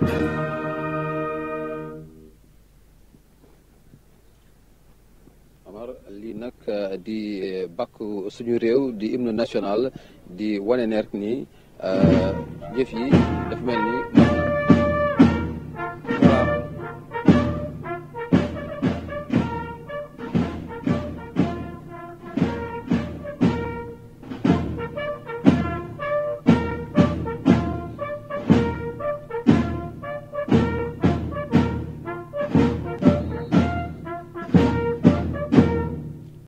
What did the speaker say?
Amar lii nag eh, di eh, bàkk suñu réew di hymne national di wane ne rek ni eh, jëf yi dafa mel ni.